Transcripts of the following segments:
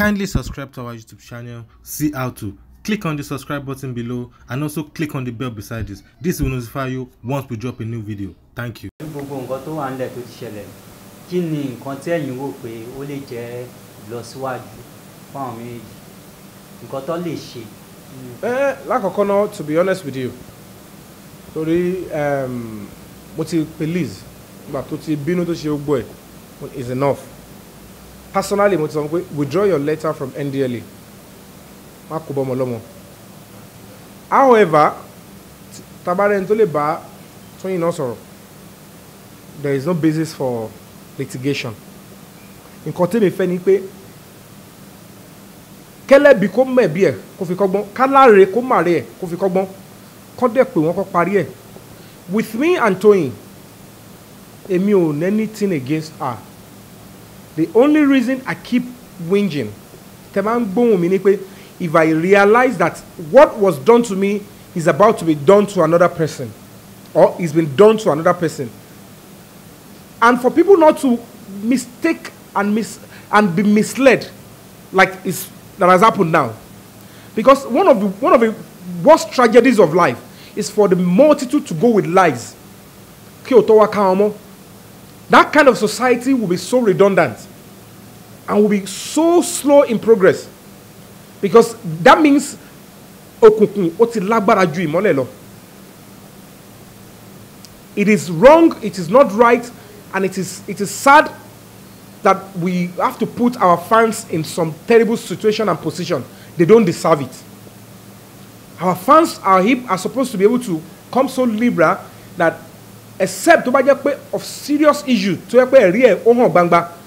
Kindly subscribe to our YouTube channel, see how to. Click on the subscribe button below and also click on the bell beside this. This will notify you once we drop a new video. Thank you. Gbogbo nǹkan tó wà nílẹ̀ tó ti ṣẹlẹ̀, kí ni nǹkan tí ẹ̀yin wò pé ó lè jẹ́ ìlọsíwájú fún àwọn méjì? Nǹkan tó lè ṣe. Ẹ lákọ̀ọ́kọ́ to be honest with you, sorry. Um, ehm, ti pe Liz but tó ti bínú to show boy, is enough personally mo ti sọ pé withdraw your letter from NDLA. E. má kó bọ́ ọmọ lọ́mọ however tabarẹ́ni tó lè bá Tóyìn náà sọ̀rọ̀ there is no basis for litigation nǹkan tẹ́mi fẹ́ ni pé kẹ́lẹ́bi kó mẹ̀bi ẹ̀ kó fi kọ́gbọ́n káláre kó màre ẹ̀ kó fi kọ́gbọ́n kọ́dẹ̀ pé wọ́n kọ́ parí ẹ̀ with me and Toyin èmi ò nẹ́ni against her the only reason I keep whinging if I realize that what was done to me is about to be done to another person or it's been done to another person. And for people not to mistake and, mis- and be misled like it's that has happened now. Because one of, the, one of the worst tragedies of life is for the multitude to go with lies. That kind of society will be so redundant and will be so slow in progress because that means òkùnkùn ó ti lágbára ju ìmọ́lẹ̀ lọ it is wrong it is not right and it is it is sad that we have to put our fans in some terrible situation and position they don't deserve it our fans are hip are supposed to be able to come so liberal that except tó bá jẹ́ pé of serious issue tó yẹ pé ẹ̀rí ẹ̀ ó hàn gbangba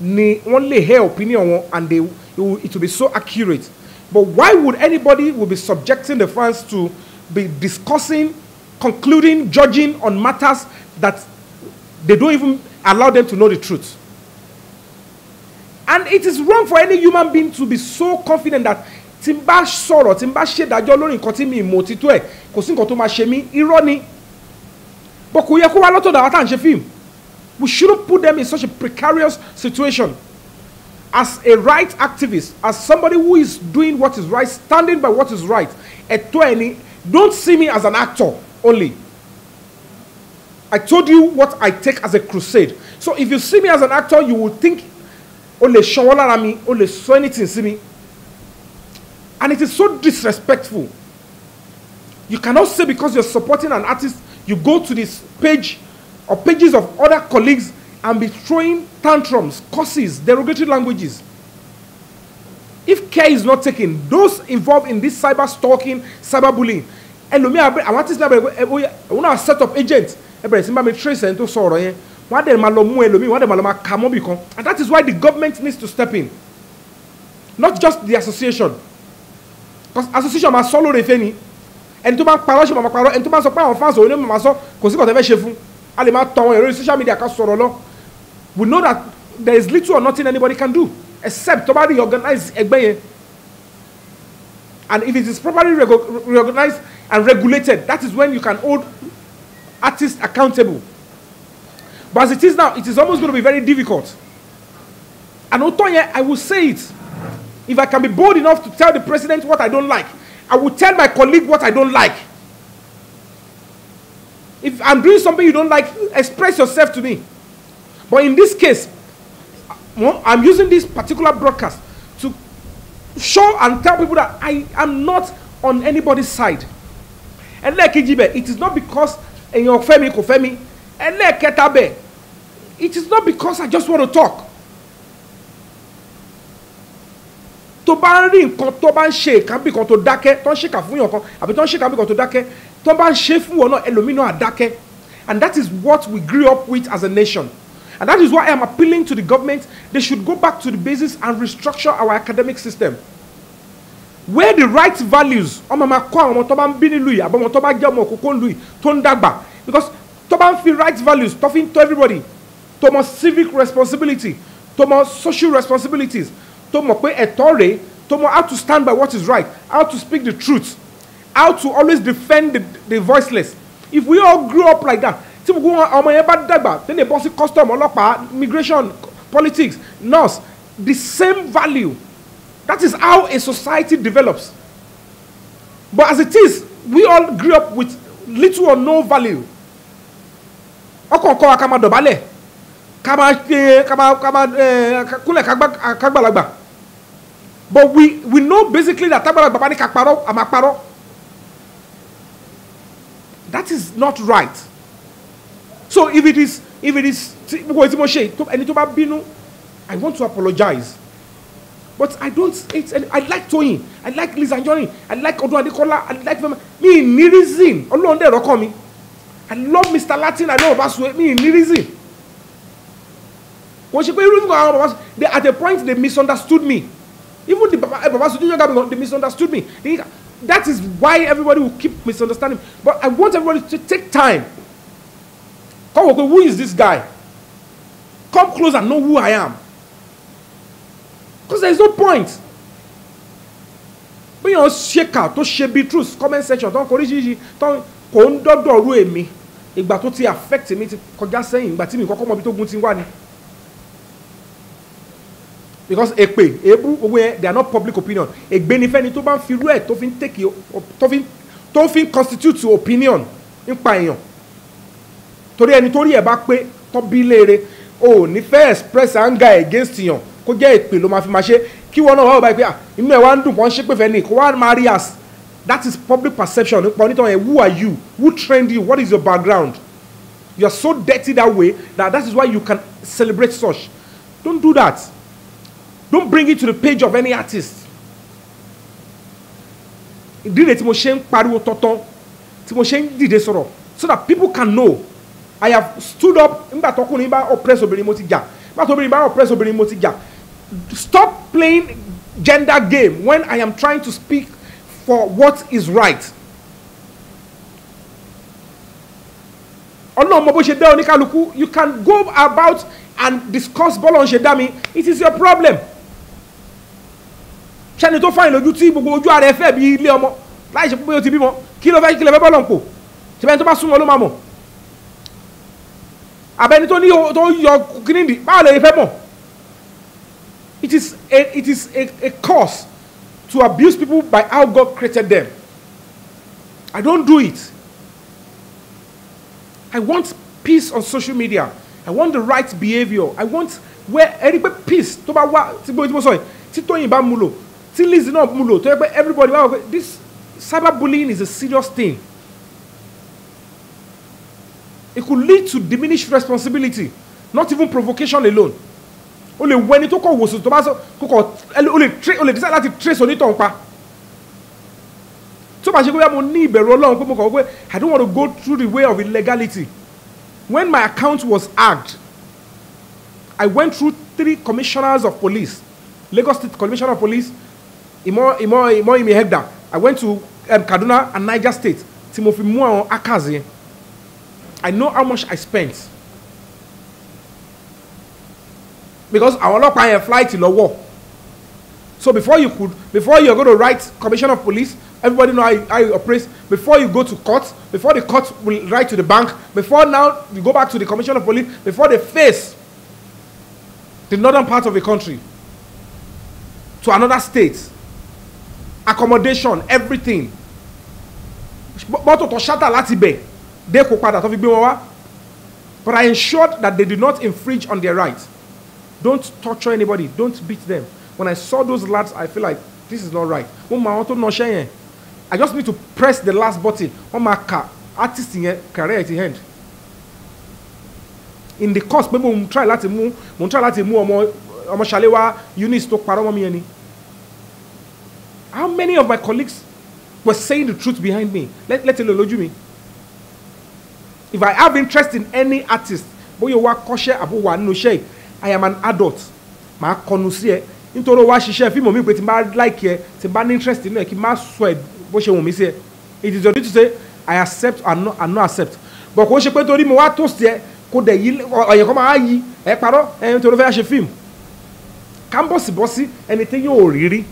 ni wọ́n lè hear opinion wọn and they it will, it will be so accurate but why would anybody will be subjecting the fans to be discussing concluding judging on matters that they don't even allow them to know the truth and it is wrong for any human being to be so confident that tí n bá sọ̀rọ̀ tí n bá ṣèdájọ́ lórí nǹkan tí mi ìmọ̀ òtítọ́ ẹ̀ kò sí nǹkan tó máa ṣe mí irọ́ ni bó yẹ kó wá lọ́tọ̀dọ̀ àwọn ń ṣe fíìmù We shouldn't put them in such a precarious situation. As a right activist, as somebody who is doing what is right, standing by what is right, at 20, don't see me as an actor only. I told you what I take as a crusade. So if you see me as an actor, you will think, Ole Shawalara me, only so anything see me. And it is so disrespectful. You cannot say because you're supporting an artist, you go to this page or pages of other colleagues and be throwing tantrums, curses, derogatory languages. If care is not taken, those involved in this cyber stalking, cyber bullying, ẹlòmíà àwọn tí sinabẹ òun náà set up agent ẹ bẹ̀rẹ̀ sí trace ẹni tó sọ ọ̀rọ̀ yẹn wọ́n á dẹ̀ lọ mú ẹlòmíì wọ́n á dẹ̀ lọ máa kà mọ́ bìkan and that is why the government needs to step in not just the association because association máa sọ lóore fẹ́ ni ẹni tó bá ń parọ́ ṣe máa parọ́ ẹni tó bá ń sọ pé àwọn fans òun ni máa sọ kò sí kò tẹ́ fẹ́ ṣe fún a lè máa tàn àwọn èrò ní social media ká sọ̀rọ̀ lọ we know that there is little or nothing anybody can do except to bá reorganize ẹgbẹ́ yẹn and if it is properly reorganized and regulated that is when you can hold artists accountable but as it is now it is almost going to be very difficult and otoye i will say it if i can be bold enough to tell the president what i don't like i will tell my colleague what i don't like If I'm doing something you don't like, express yourself to me. But in this case, I'm using this particular broadcast to show and tell people that I am not on anybody's side. ẹlẹ́ẹ̀kejì bẹ̀ it is not because èèyàn fẹ́ mi kò fẹ́ mi ẹlẹ́ẹ̀kẹta bẹ̀ it is not because I just want to talk. To ban ń rí nǹkan tó bá ń ṣe nǹkan bí kan tó dákẹ́ tó ń ṣèkà fún yàn kan àbí tó ń ṣèkà bí kan tó dákẹ́ tó bá ń ṣe fún wọn náà ẹlòmínà àdákẹ́ and that is what we grew up with as a nation and that is why I am appealing to the government they should go back to the basis and restructure our academic system where the right values ọmọ máa kọ́ àwọn ọmọ tó bá ń bí nílùú yìí àbọ̀mọ̀ tó bá jẹ́ ọmọ òkókó nílùú yìí tó ń dàgbà because tó bá ń fi right values tó fi ń tọ́ everybody tó mọ civic responsibility tó mọ social responsibilities tó mọ pé ẹ̀tọ́ rèé tó mọ how to stand by what is right how to speak the truth how to always defend the, the voiceless if we all grow up like that tí gbogbo wọn ọmọ yẹn bá dàgbà then they bọ́ sí custom ọlọ́pàá immigration politics nurse the same value that is how a society develops but as it is we all grew up with little or no value ọkàn kọ́ wa ká máa dọ̀bálẹ̀ ká máa ṣe ká máa ká máa kúnlẹ̀ but we we know basically that tágbàlagbà bá ní ká parọ́ that is not right so if it is if it is gbogbo tí mo ṣe ẹni tó bá bínú i want to apologize but i don't hate any i like Toyin i like Liz Anjorin i like Odun Adekola i like fema mi ni reason Ọlọ́run dẹ rọkàn mi i love Mr Latin i love Obasue mi ni reason kò ṣe pé irú nǹkan àwọn Obasue they at a point they misunderstood me even the eh, Baba Obasue junior guy they misunderstood me they that is why everybody will keep misunderstanding but I want everybody to take time come okay who is this guy come close and know who I am because there is no point bí yàn ṣèkà tó ṣe bí truth comment section tó ń koríṣiríṣi tó kò ń dọ́dọ̀ ru èmi ìgbà tó ti affect mi ti kọjá sẹ́yìn ìgbà tí mi kọ́kọ́ mọ ibi tó gun ti wá ni because èpè èébú owó yẹn they are not public opinion ègbé ni fẹ́ni tó bá ń fi irú ẹ̀ tó fi ń take tó fi tó fi ń constitute opinion nípa èèyàn torí ẹni tó rí ẹ̀ bá pé tó bí léere o ò ní fẹ́ express anger against èèyàn kó jẹ́ èpè ló máa fi máa ṣe kí wọn náà wá wọ báyìí pé ah inú ẹ̀ wá ń dùn kó ń ṣépè fẹ́ ni kó wá máa rí as that is public perception nípa onítàn yẹn who are you who trained you what is your background you are so dirty that way that that is why you can celebrate such don't do that don't bring it to the page of any artist ìdí rẹ̀ tí mo ṣe ń pariwo tọ́tọ́ tí mo ṣe ń dìde sọ̀rọ̀ so that people can know I have stood up nígbà tọkùnrin bá oppress obìnrin mo ti jà nígbà tóbìnrin bá oppress obìnrin mo ti jà stop playing gender game when I am trying to speak for what is right. ọlọ́run mọ bó ṣe dá oníkálukú you can go about and discuss bọ́lọ̀ ń ṣe dá mi it is your problem ṣẹ́ni tó fáyìn lójú tí gbogbo ojú ara ẹ fẹ́ bí ilé ọmọ láì ṣe pé o ti bímọ kí ló fẹ́ kí lè fẹ́ bọ́ọ̀lù pò ṣẹ́ni tó bá súnmọ́ ló máa mọ̀ àbẹ́ni tó ní tó yọ kíníìdì báwo lè fẹ́ mọ̀ it is a it is a a cause to abuse people by how God created them I don't do it I want peace on social media I want the right behaviour I want where ẹni pé peace tó bá wá tí mo sọ yìí tí Tóyìn bá mu lò tí list náà mú lò tó yẹ pé everybody wá wọ pé this cyberbullying is a serious thing it could lead to diminished responsibility not even provocation alone o lè wọ ẹni tó kọ wòsàn tó bá sọ kókò o lè tre o lè decide láti trace onítàn pa tó bá ṣe pé mo ní ìbẹ̀rù ọlọ́run pé mo kọ̀ wípé i don't want to go through the way of illegality when my account was hacked i went through three commissioners of police Lagos State Commissioner of Police ìmọ̀ ìmọ̀ ìmọ̀ ìmì hegda I went to um, Kaduna and Niger State tí mo fi mú àwọn hackers yẹn I know how much I spent because àwọn ọlọ́pàá yẹn flight lọ́wọ́ so before you could before you go to write commission of police everybody know how you, how you operate before you go to court before the court will write to the bank before now you go back to the commission of police before they face the northern part of the country to another state accommodation everything mọ́tò tó ṣátà láti bẹ̀ dé kó padà tó fi gbé wọn wá but I ensured that they did not infringe on their rights don't torture anybody don't beat them when I saw those lads I feel like this is not right wọ́n máa wọn tó nọṣẹ́ yẹn I just need to press the last button wọ́n máa ka artist yẹn career ti end in the course pé mo n try láti mú mo n try láti mú ọmọ ọmọ ṣàlẹ́wà eunice tó parọ́ mọ́ mi yẹn ni. How many of my colleagues were saying the truth behind me? Let, let alone lójú mi. If I have interest in any artist, bóyá o wá kọ́ṣẹ́ àbó wà nínú iṣẹ́ I am an adult. Màá kọnu sí ẹ. Nítorí o wá ṣiṣẹ́ fíìmù mi pé tí n bá like ẹ, tí n bá ní interest nínú ẹ, kí n má sọ ẹ bó ṣe wù mí sí ẹ. It is your duty to say I accept and not, and not accept. But kò ṣe pé torí mo wá tòsí ẹ, kò dẹ̀ yí ọ̀yẹ̀ kan máa yí ẹ parọ́ ẹ nítorí o fẹ́ ṣe fíìmù. Kámbọ̀sì bọ́sí ẹni tí yóò rí rí.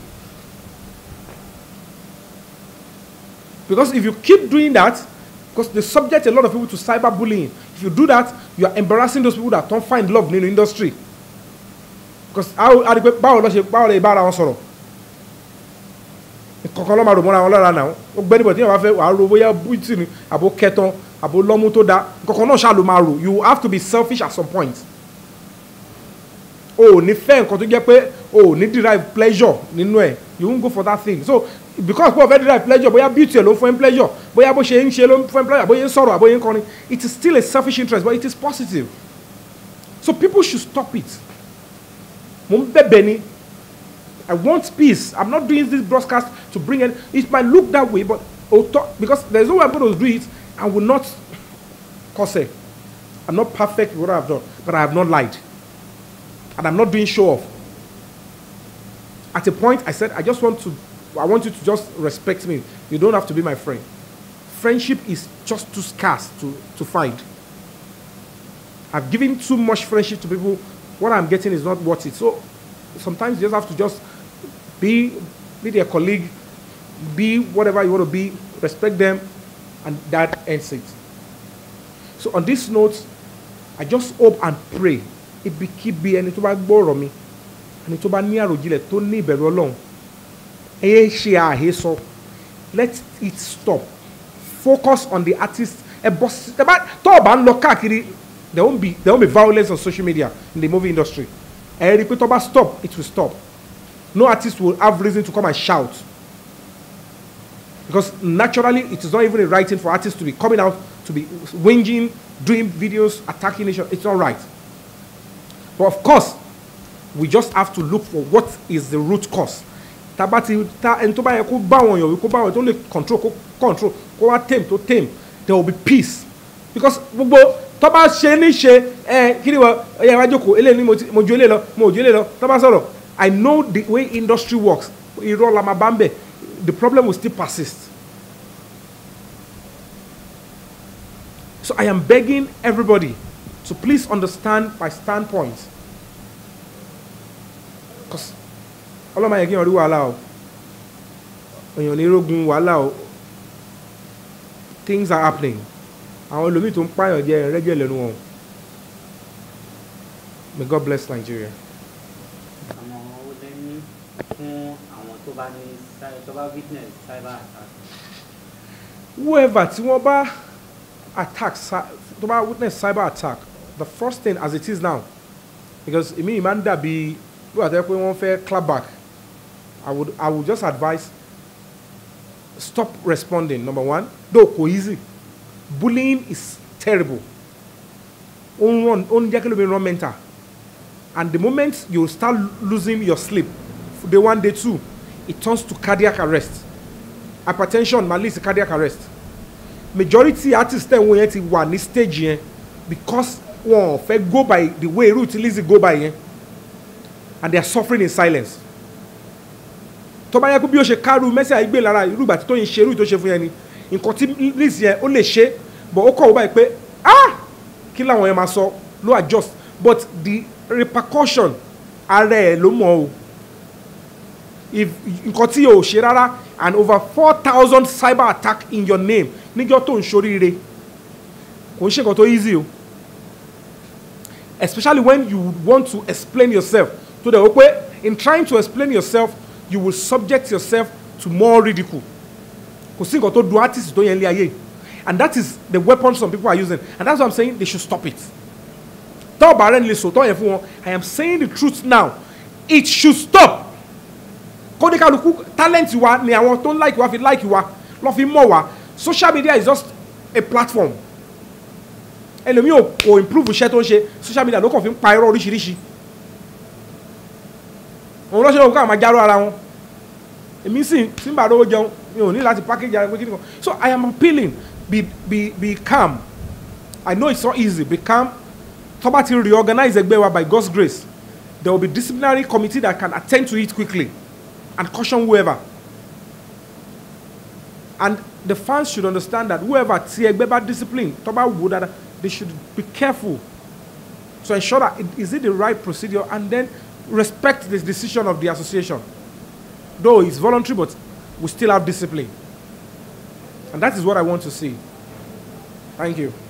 Because if you keep doing that, because they subject a lot of people to cyberbullying. If you do that, you are embarrassing those people that don't find love in the industry. Because I, are the báwo lọ ṣe báwo lè bára wọn sọ̀rọ̀? Ìkọ̀kan lọ́ máa rò mọ́ra wọn lára náà. Ó gbẹ́ níbọ̀ tí yàrá fẹ́ wàá ro bóyá bútì ni àbó kẹtàn àbó lọ́mú tó dáa. Ìkọ̀kan náà ṣáà ló máa rò. You have to be selfish at some point. O ò ní fẹ́ nǹkan tó jẹ́ pé o ò ní derive pleasure nínú ẹ̀ you won't go for that thing so because pé o fẹ́ derive pleasure bóyá beauty ẹ̀ ló ń fún ẹ pleasure bóyá bó ṣe ń ṣe ló ń fún ẹ pleasure bóyá ń sọ̀rọ̀ àbóyá ń kọrin it is still a selfish interest but it is positive so people should stop it mo ń bẹ̀bẹ̀ ni I want peace. I'm not doing this broadcast to bring it. It might look that way, but because there's no way I'm going to do it I will not cause it. I'm not perfect with what I've done, but I have not lied. And I'm not doing show off. at a point, I said, I just want to, I want you to just respect me. You don't have to be my friend. Friendship is just too scarce to, to find. I've given too much friendship to people. What I'm getting is not worth it. So sometimes you just have to just be, be their colleague, be whatever you want to be, respect them, and that ends it. So on this note, I just hope and pray it be keep be ẹni tó bá gbọ́ ọ̀rọ̀ ẹni tó bá ní àròjinlẹ̀ tó ní ìbẹ̀rù ọlọ́run ẹ ṣe àhesọ let it stop focus on the artist ẹ bọ́ sí ẹ bá tó o bá ń lọ káàkiri there won't be there won't be violence on social media in the movie industry ẹ rí i pé tó bá stop it will stop no artist will have reason to come and shout because naturally it is not even a right thing for artists to be coming out to be whinging doing videos attacking each other it's not right but of course we just have to look for what is the root cause tàbá ti ta ẹni tó bá yẹ kó bá wọn yàn wí kó bá wọn tó lè control kó control kó wá tame tó tame there will be peace because gbogbo tó bá ṣe ní ṣe ẹ kí ni wọ ẹ wá jókòó eléyìí ni mo ju eléyìí lọ mo ju eléyìí lọ tó bá I know the way industry works irọ́ la máa bá ń bẹ̀ the problem will still persist so I am begging everybody to please understand my standpoint. ọlọ́mọ yẹn kí èèyàn rí wàhálà o èèyàn ní rógun wàhálà o things are happening àwọn olómi tó ń pààyàn jẹ rẹ́jẹ̀ lẹ́nu wọn may God bless Nigeria. àwọn owó lẹ́ni fún àwọn tó bá ní tó bá witness cyber attack. whoever tí wọ́n bá attack tó bá witness cyber attack the first thing as it is now because èmi ìmáa ń dàbí bí wàá tẹ́ pé wọ́n fẹ́ clap back I would, I would just advise stop responding, number one. Though kò easy. Bullying is terrible. Only ń run, ó ń jẹ́ kí run mental. And the moment you start losing your sleep, day one, day two, it turns to cardiac arrest. Hypertension ma cardiac arrest. Majority artists tẹ̀ wọ́n yẹn ti stage yẹn because one go by the way irú go by yẹn and they are suffering in silence tó bá yẹ kó bí ó ṣe kárú Messi àìgbé lára irúgbà tí Tóyìn ṣe irú tó ṣe fún yẹn ni nǹkan tí Leeds yẹn ó lè ṣe but ó kọ̀ ó báyìí pé ah kí làwọn yẹn máa sọ ló adjust but the repercussion ara ẹ̀ ló mọ̀ o if nǹkan tí o ṣe rárá and over four thousand cyber attack in your name níjọ́ tó ń ṣoríire kò ń ṣe nǹkan tó easy o especially when you want to explain yourself to the wípé in trying to explain yourself you will subject yourself to more ridicule kò sí nǹkan tó du artist tó yẹn lé ayé and that is the weapon some people are using and that's why i'm saying they should stop it tọ́ ọ̀bà rẹ̀ ń lè sòtọ́ yẹn fún wọn i am saying the truth now it should stop kódékàlùkù talent wa ni àwọn tó ń like wa fi like wa lọ́ fi mọ̀ wa social media is just a platform ẹlòmíì ò improve iṣẹ́ tó ń ṣe social media ló kàn fi ń pa irọ́ oríṣiríṣi òun lọ́sẹ̀ òun káwọn járó ara wọn èmi sì sì ń bá rówó jẹun mi ò ní láti package ara pé kí ni kan so I am appealing be be be calm I know it's not easy be calm tó bá ti reorganize ẹgbẹ́ wa by God's grace there will be disciplinary committee that can attend to it quickly and caution whoever and the fans should understand that whoever tí ẹgbẹ́ bá discipline tó bá wò dáadáa they should be careful to ensure that it, is it the right procedure and then respect the decision of the association. Though it's voluntary, but we still have discipline. And that is what I want to see. Thank you.